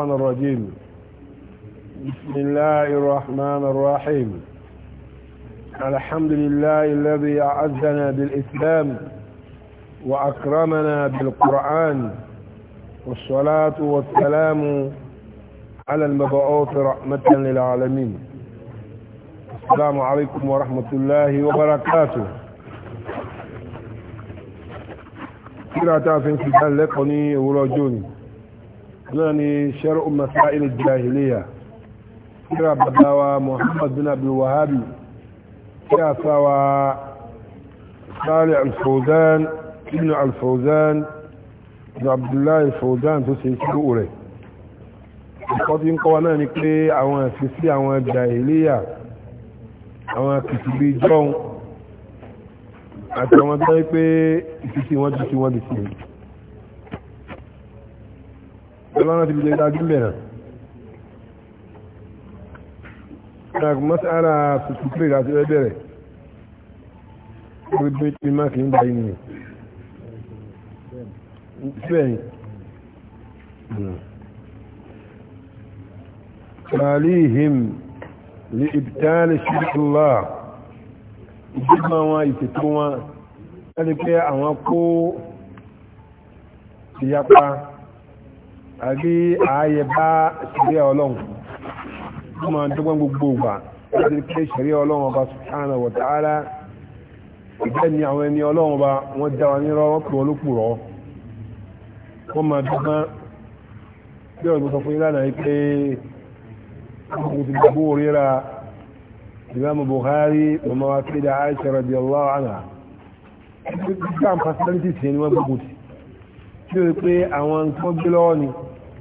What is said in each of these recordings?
الشيطان الرجيم بسم الله الرحمن الرحيم الحمد لله الذي أعزنا بالإسلام وأكرمنا بالقرآن والصلاة والسلام على المبعوث رحمة للعالمين السلام عليكم ورحمة الله وبركاته كلا تعرفين في ذلك وني náà ni sharu masail jahiliya kíra bàbáwa muhammad bin abdul wahabi kíra sáwa sáré alfawzan ibn alfawzan ibn abdullahi alfawzan tó ṣe ṣírú rẹ̀ ìkọ́ tí ń kọ́wa náà ni pé àwọn àfisí àwọn jahiliya àwọn kìtìbí jọun àti àwọn tó ń pé ìfisí wọn ti ti wọn ti sí ẹlọ́nà ti bìjẹ̀ ìdájú bẹ̀rẹ̀ ṣàkùn mọ́sára fìfìfì àti ẹgbẹ̀rẹ̀ orí bí i máa kìí gbà yìí fẹ́yìn ṣàlìhìm lè ìbìtàlẹ̀ ṣíkùlá ìjọba wọn ìtẹ̀tọ́ wọn ẹni pé àwọn kó ìyapa àbí ààyè bá ṣẹ̀ríà ọlọ́run tó máa ń dọ́gbọ́n gbogbo ìgbà láti rí pé ṣẹ̀ríà ọlọ́run ọba subhanahu wa ta'ala ìgbẹ́ ni àwọn ẹni ọlọ́run ọba wọ́n dá wa nírọ́ wọ́n pè wọ́n ló pùrọ́ wọ́n máa dọ́gbọ́n bí ọ̀rọ̀ sọ fún yín lánàá pé àwọn ti dàbò ríra ìmáàmù Bukhari mọ̀mọ́ wa pé da Aisha radiyallahu anha gbígbà pàṣẹ ní ti sẹ́ni wọ́n gbogbo tí ó rí pé àwọn nǹkan gbé lọ́wọ́ ni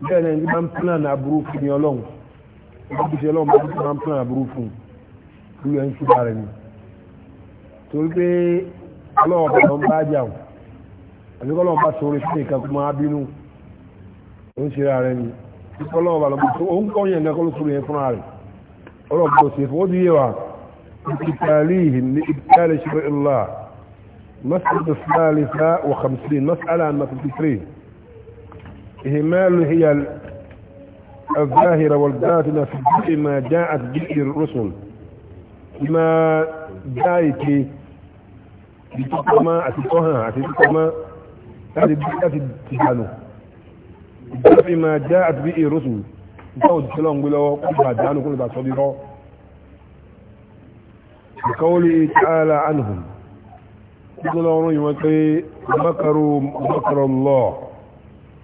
bẹ́ẹ̀ ni ẹni máa ń plan aburú fún ni ọlọ́run ọdún ṣe ọlọ́run máa ń plan aburú fún un lórí ẹni ṣúgbà rẹ̀ ni torí pé ọlọ́run bá ń bá jà wọ́n àti ọlọ́run bá sọ orí fún ìka kó máa bínú ó ń ṣe ra rẹ̀ ni ọlọ́run bá lọ́gbọ́n tó ó ń kọ́ yẹn náà kọ́ ló sọ̀rọ̀ yẹn fúnra rẹ̀ ọlọ́run bá ṣe fún ó ti yé wa ìtàlíhì ní ìtàlẹ̀ ṣe إهمال هي الظاهرة والباطنة في كل ما جاءت به الرسل بما جاءت بتقمى أتقوها أتقوما هذه الدنيا تتجانو في ما جاءت به الرسل نتاو سلام قلوا قلت بعدانو كل بعد صديقه بقوله تعالى عنهم قلوا رأيهم مكروا مكر الله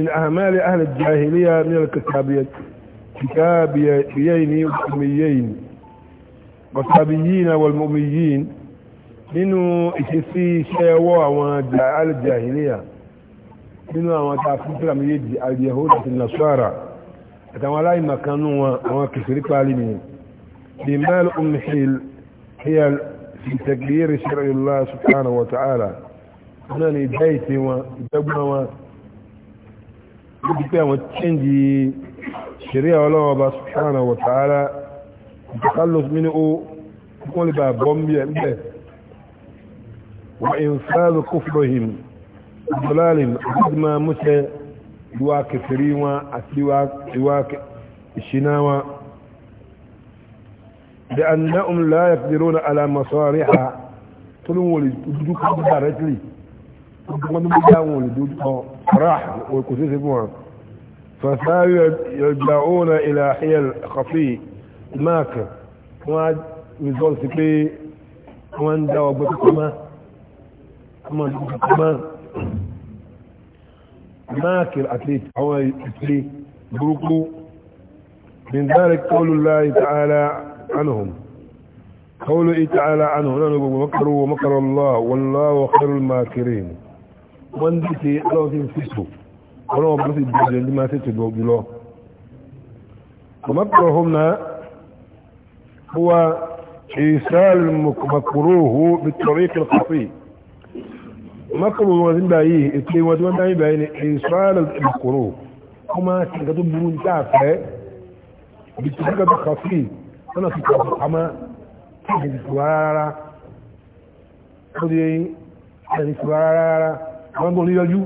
من أهل الجاهلية من الكتابية كتابيين والأميين والصابيين والمؤميين منه إشفي شيوى أهل الجاهلية منه وتعفيف لم يجي اليهود النصارى أتوالاي مكانوا وكفر قالمين أم حيل هي في تقدير شرع الله سبحانه وتعالى هنا بيتي وجبنا وجبنا níbi pé àwọn chẹ́ǹjì ṣẹ̀ríà Ọlọ́run Ọba subhanahu wa ta'ala ìtàkálòs mínú ó wọ́n lè bá bọ́ mbẹ́ wà ìfẹ́lú kúfúròhìm ìdọ́láàlìm àdìmá múṣẹ́ ìwà kẹfẹ́rí wọn àti ìwà ìṣiná wọn da annahum la yaqdiruna ala masariha tulun wal dukkan directly وكمان بيجاوموا لدود راح يرجعون الى حيل خفي ماك وعد ويزول سبي وان دعوا بطكما اما بطكما ماك الاتليت هو يتلي بروكو من ذلك قول الله تعالى عنهم قوله تعالى عنهم لا نقول مكروا ومكر الله والله خير الماكرين wọ́n dì sí ọlọ́run sí fífò ọlọ́run bá sì bẹ̀rẹ̀ ní máa tètè lọ jùlọ ọmọkùnrin ọ̀hún náà huwa ìsáàl mọ̀kòròhó bìtọ̀rí kìlọ̀kọ̀fì mọ́kùnrin wọn nígbà yìí ètò ìwọ̀n tí wọ́n dá nígbà yìí ni ìsáàl mọ̀kòrò ó máa ti nǹkan tó burú ní táàfẹ́ bìtọ̀rí kìlọ̀kọ̀fì lọ́nà ti kọ̀ọ̀kọ̀ pamọ́ kí ẹ̀yìn ti wá rárá rárá àwọn tó ní yọjú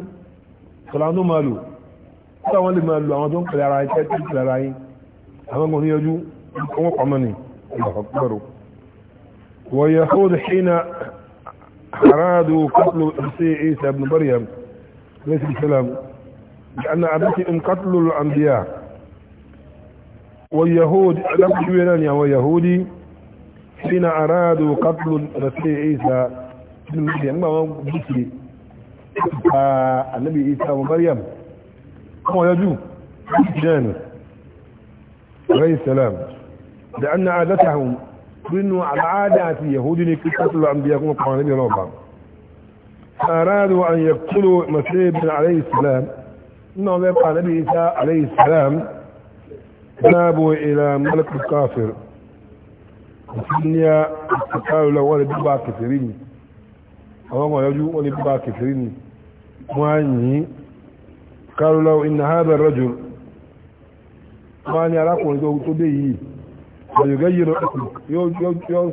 sọ̀rọ̀ àwọn tó máa lò tí àwọn lè máa lò àwọn tó ń pẹ̀lẹ̀ ara ẹ̀kẹ́ tí pẹ̀lẹ̀ ara yìí àwọn tó ní yọjú wọ́n pàmọ́ ní ìgbàkọ̀kọ̀rọ̀ wọ̀yẹ̀ hóòdù hìnà àràádù kọ́tùlù sí ìsà ibn Maryam lẹ́sìn islam لأن أبتهم قتل الأنبياء واليهود لم يجبنني ويهودي حين أرادوا قتل رسول عيسى بن مريم ما هو آه، النبي عيسى ومريم هو يجوب جانب عليه السلام لأن عادتهم بأنه على عادات اليهود يقتلوا الأنبياء وقوانين ربا فأرادوا أن يقتلوا مسيح بن عليه السلام إنهم يبقى النبي عيسى عليه السلام ذهبوا إلى ملك الكافر وفي قالوا له ولد بابا كثيرين أو ما يجوا ولد بابا كثيرين wọ́n قالوا له إن هذا الرجل wọ́n ni arákùnrin tó dé yìí ọ̀yọ̀gẹ́ yìí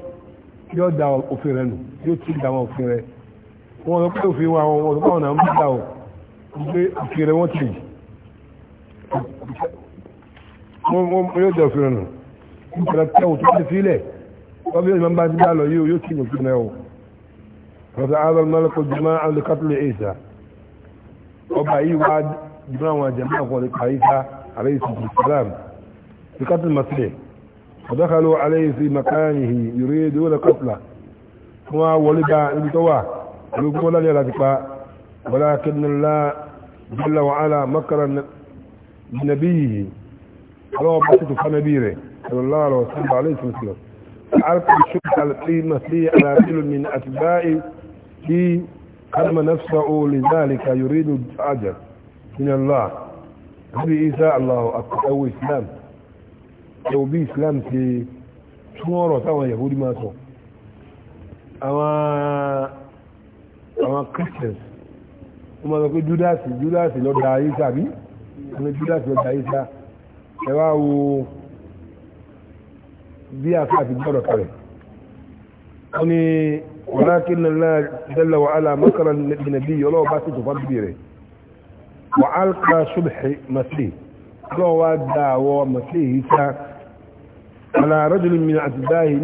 yóò dá òfin rẹ̀ nù yóò tí dáwọn òfin rẹ̀ wọ́n lọ pé òfin wọn àwọn ọ̀dọ́pá ọ̀nà ń dá ọ̀ pé òfin rẹ̀ wọ́n ti yóò dá òfin rẹ̀ nù ìpẹ̀lẹ̀ tẹ́wọ̀ tó ti fílẹ̀ wọ́n bí ìmọ̀ bá ti dá lọ yóò tí òfin rẹ̀ ọ̀ ọba yìí wá jùlọ àwọn jama kọlu kàyíká alayhi salam bi qatl masih fadakhalu alayhi fi makanihi yuriduna qatla wọ́n wọlé bá ibi tó wà ológun lálẹ́ láti pa walakinna Allah jalla wa ala makara nabiyyi ọlọ́wọ́ bá sì tó fa nàbí rẹ̀ sallallahu alaihi harma nafsa'u li dhalika yuridu ajr min Allah nabi Isa Allahu akbar awo islam ẹwọ bí islam ti tún ọ̀rọ̀ táwọn yahudi máa sọ christians wọ́n máa sọ pé judas judas lọ da Isa bí wọ́n judas lọ da Isa ẹ wá wo bí àfáà ti gbọ́dọ̀ kalẹ̀ wọ́n ولكن الله جل وعلا مكر لنبيه ولو باسي تفضل وعلق شبح مسيح لو وادى ومسيح يسا على رجل من أتباعه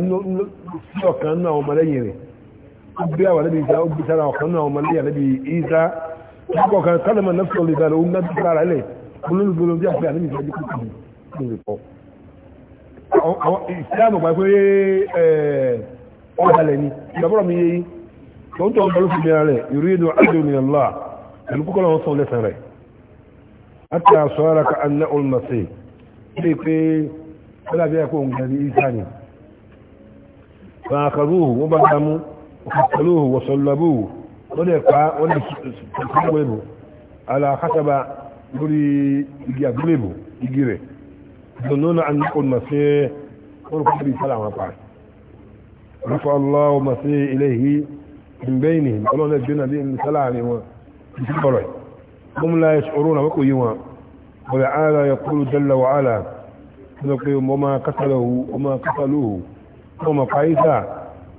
سوى كأنه مليره أبيا ونبي إيسا أبي سنة وكأنه مليا نبي إيسا يقول كان قدم النفس لذلك ونبي قال عليه كل الظلم دي أحبها نبي سيدي كل الظلم إسلامه بقى يقول ọ̀dàlẹ̀ ni ìgbàbọ̀rọ̀ mi yé yí tó ń tọ́ ọ̀dọ́ ló fi bẹ̀rẹ̀ rẹ̀ ìrírí àdùn ní ọ̀la pẹ̀lú kókó lọ́wọ́ sọ lẹ́sẹ̀ rẹ̀ àti àṣọ ara ka aná olùmọ̀sẹ̀ ṣe pé ọ̀dà bí ẹ̀kọ́ òǹkà ní ìsá ni fàákàrú wọn bá dámú òkàtàlú wọ̀sọ̀lábù wọ́n dẹ̀ pa wọ́n dẹ̀ sọ̀tàwébù alákàtàbà lórí igi àgbélébù igi rẹ̀ dùnúnà aná olùmọ̀sẹ̀ wọ́n kọ́ bí ìsá làwọn rufa allahu masu ilaihi in bainihim ọlọ́nà ìgbéna bí i sálàrin wọn ti kọ̀rọ̀ mọ́mú láyé ṣòro na mọ́kò yí wọn wọ́n ala ya kúrò jalla wa ala sọ pé wọ́n máa kásàlóhù wọ́n máa kásàlóhù wọ́n máa fàyíṣà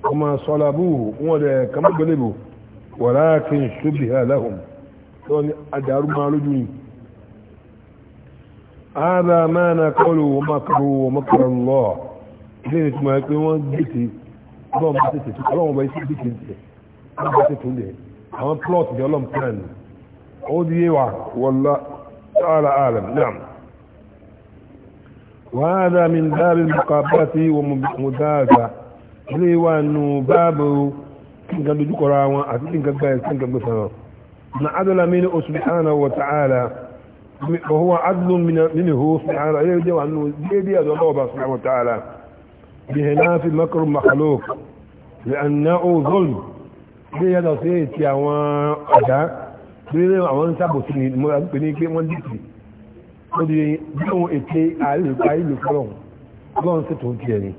wọ́n máa sọ́lábùhù wọ́n dẹ̀ kàmọ́gbẹ̀lẹ́bù walakin shubbiha lahum tó ní àdàrú máa lójú ni هذا ما نقوله ومكر الله ليه تسمع يقول وان جيتي ọlọ́run bá tètè tó ọlọ́run bá tètè tó tẹ̀ ọlọ́run bá tètè tó lẹ̀ àwọn plot ní ọlọ́run plan ni ó di yé wa wọlá ala ala naam وهذا من باب المقابلة ومدازة ilé wa nù báàbò nǹkan dojúkọrọ àwọn àti nǹkan gbáyé sí nǹkan gbèsànà na adọ́la mi ní oṣù mìíràn wọ̀ tààlà ọ̀hún adùn mi ní oṣù mìíràn ilé jẹ́ nù déédéé àdọ́lọ́wọ̀ bá sùn àwọn tààlà بهلاف مكر مخلوق لأنه ظلم bí yàtọ̀ sí èyí tí àwọn ọ̀dá bí àwọn ń sábò sí ni mo rà pé ní pé wọ́n dìtì ó di bí àwọn ète àìlù fọ́lọ̀n lọ́n sí tó tiẹ̀ ni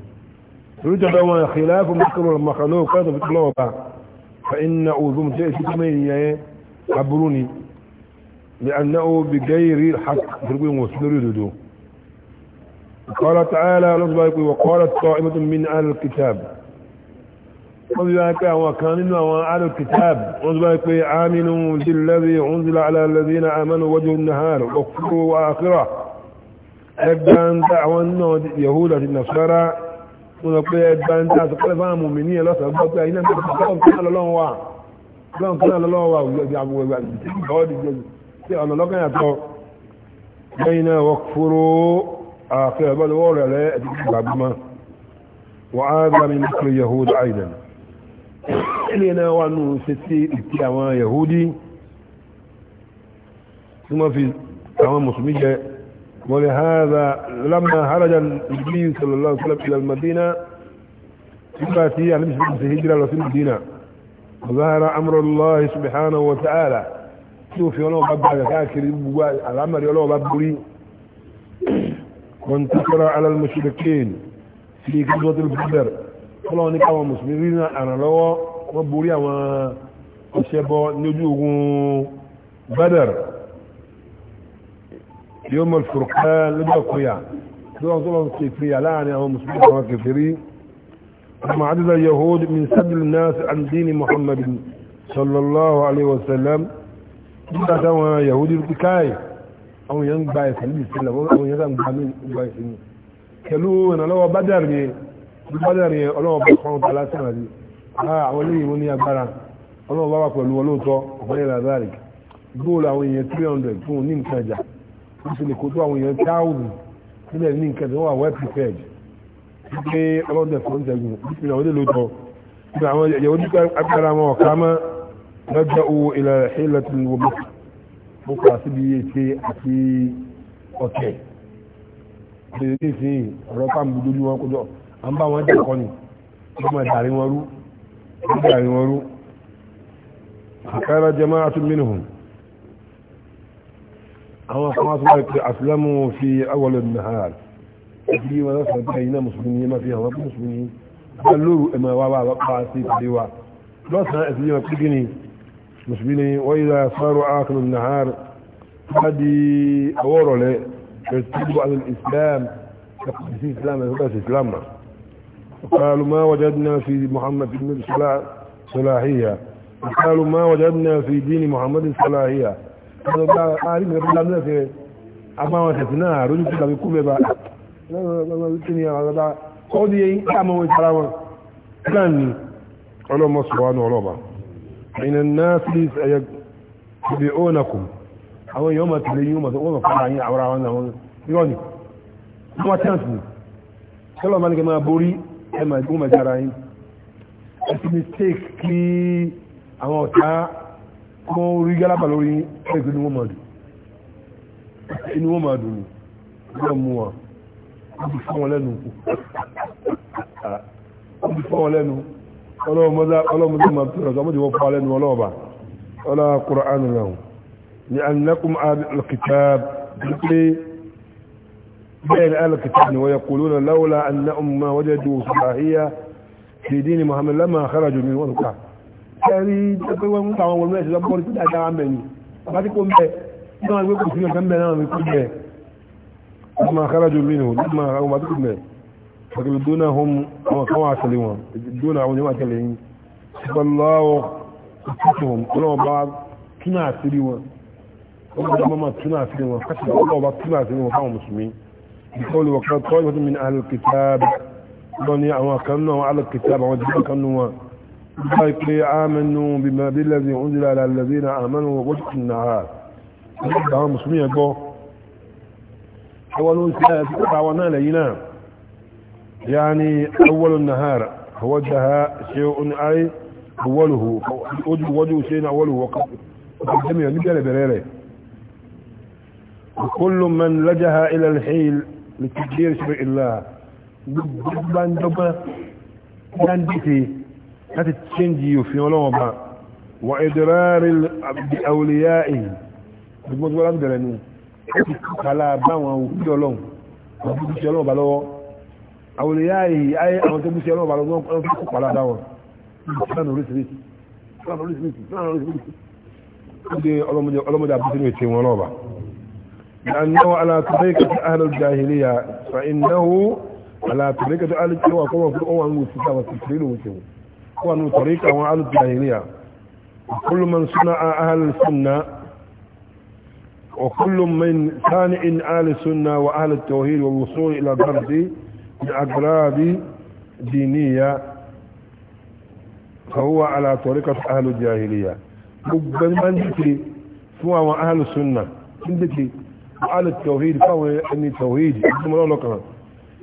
orítọ̀dọ̀ wọn àkìlá fún mọ́kànlọ́ mọ̀kànlọ́ pẹ́lú lọ́wọ́ bá fa iná òzùm tí èsì tó mẹ́rin yẹn aburú ni lè àná ó bí gẹ́yìrí hàk gbogbo wọn sí lórí òdòdó قال تعالى وقالت طائمة من أهل الكتاب نصبك وكان إنه أهل الكتاب آمنوا بالذي أنزل على الذين آمنوا وجه النهار واكفروا وآخرة أدبان دعوة يهودة النصارى ونقول أدبان دعوة قلبها مؤمنية لا سبب إلا أن تتكلم كان الله وعا كان كان الله وعا كان الله وعا بين وكفروا آخر بل ولا لا بعد ما وعاد من مكر اليهود أيضا إلينا وأنه ستي اتياما يهودي ثم في تمام مسلمية ولهذا لما خرج النبي صلى الله عليه وسلم إلى المدينة ثم في هجرة في المدينة وظهر أمر الله سبحانه وتعالى شوف يولو قبل كاكر الأمر يلو قبل وانتصر على المشركين في غزوة البدر كلهم نكا مسلمين انا لو وبوري و وشبو نجوغ بدر يوم الفرقان لبقيا دون ظلم كيفية لا أنا هو مسلم اوا كفرين وما عدد اليهود من سد الناس عن دين محمد صلى الله عليه وسلم يهودي الكايه àwọn èèyàn ń gba ẹ̀sìn níbi ìsìnlẹ̀ àwọn èèyàn ń gba ẹ̀sìn ní pẹ̀lú ìrànlọ́wọ́ bádàrí yẹn bádàrí yẹn ọlọ́wọ́ bá fún ọ̀tá lásìkò àti ah, àwọn eléyìí wọn ní agbára ọlọ́wọ́ bá wà pẹ̀lú ọlọ́tọ́ ọ̀gbọ́n ìlà báàrí góòlù àwọn èèyàn three hundred fún ní nǹkan ẹ̀jà ó sì lè kó tó àwọn èèyàn táwùdù nílẹ̀ ní nǹkan tí wọ́n wà well prepared mo kọ́ síbi ète àti ọ̀tẹ̀ lèyí ní ìsìn ọ̀rọ̀ pàmò dúdú wọn kójọ à ń bá wọn jẹ́ ọ̀kọ́ ni wọ́n máa dàrí wọn rú wọ́n dàrí wọn rú àkàrà jẹmọ́ àtúnmínú hùn àwọn kan wá sọ́wọ́ pé àfìlámù fi awọ́lọ̀ nàhàr bí wọn lọ́sọ̀ bí ẹ̀yìn náà mùsùlùmí yẹn máa fi àwọn mùsùlùmí bá ẹ̀mọ̀ wá wá wá sí ìpàdé wa lọ́sàn ẹ̀sìn yẹn pé مسلمين وإذا صاروا آخر النهار هذه أورو لي يتبع على الإسلام تقدسي إسلام يتقدسي إسلام قالوا ما وجدنا في محمد بن صلاحية قالوا ما وجدنا في دين محمد صلاحية قالوا بقى عارف ربنا في أما وشتنا رجل كده بيكون بقى لا لا لا الدنيا هذا قودي أما وشتنا كان الله سبحانه وتعالى من الناس يتبعونكم أو يوم تليوم تقوم فلعين عورانا يوني ما تنسني كلهم مالك ما بوري ẹmà ìgbóhùn ẹjára yìí ẹ̀sì mistake kí àwọn ọ̀tá kún orí gálábà lórí ẹgbẹ́ inú wọn màdù inú wọn màdù ní ọjọ́ mú wọn ó bí fún wọn lẹ́nu ọlọ́mọdé ma tó rẹ̀ sọmọdé wọ́n fọ́ alẹ́nu ọlọ́ọ̀bà ọlá kùránù rẹ̀ ni annakum alkitab pé bẹ́ẹ̀ alkitab ni wọ́n yẹ kò lónà láwọ́lá annakum ma wọ́jẹ́ dùn sàbáhíyá fi dín ni muhammad lama kharaju min wọn ká kẹrí pé wọ́n ń ta àwọn ọmọ ẹ̀sìn فقل دونهم كما سليمون دونهم يوم أتلين فالله أكتهم قلوا بعض تنا سليمون قلوا ما تنا سليمون حسب الله بعض تنا سليمون فهم مسلمين بقول وقال طائفة من أهل الكتاب بني أما كانوا على الكتاب وجدوا كانوا آمنوا بما بالذي أنزل على الذين آمنوا وجه النهار فهم مسلمين يقول حولوا سلاة تقطع ونال ينام يعني أول النهار فوجه شيء أي أوله وجه شيء أوله وقد جميع نبيل بريري وكل من لجها إلى الحيل لتكبير شرع الله دبان دبا كان بيتي هات تشنجي في ولوما وإدرار بأوليائه بمجموعة أمدرني كلا باوا وكيولون وكيولون بلوه àwọn olùyá yìí ayé àwọn tó búṣe ọlọ́ọ̀bà lọ́wọ́ ọ̀rọ̀ fún kò pàládà wọn plan oríṣiríṣi plan oríṣiríṣi plan oríṣiríṣi ó dé ọlọ́mọdé àbúṣe ní ètè wọn lọ́ọ̀bà لأنه على طريقة أهل الجاهلية فإنه على طريقة أهل الجاهلية وقوة في الأوان والسلسة والتسليل والسلسة وأنه طريقة وأهل الجاهلية وكل من صنع أهل السنة وكل من ثانئ أهل السنة وأهل التوحيد والوصول إلى درسه بأقراب دينية فهو على طريقة أهل الجاهلية بل من ذكري فهو أهل السنة من ذكري وأهل التوحيد فهو أني توحيد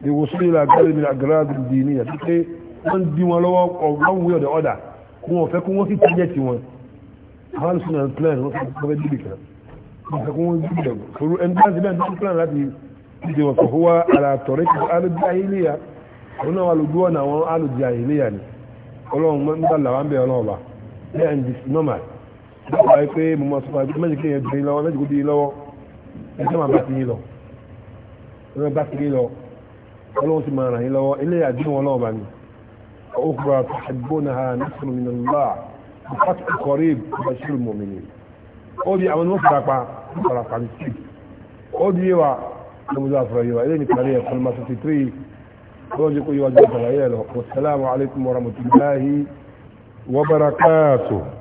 لوصول إلى قلب من الأقراب الدينية ذكري من دي ولو أو ويد أدى هو فكم وفي تجاتي وان أهل السنة البلان وفي تجاتي بك وفكم وفي تجاتي فهو أنت بلان ìdí wọn fòfówá alàtọ̀rẹ́kì alùjáhìlìyà wọn náà wà lójú ọ̀nà àwọn alùjáhìlìyà ni ọlọ́run ni ọkùnrin àti àgbọ̀nà ha nàṣẹ́nu mi nàlá bùkátà kọ̀rí المزافر أيها إليني كريم في المسطي 3 رجل قيوة جدا والسلام عليكم ورحمة الله وبركاته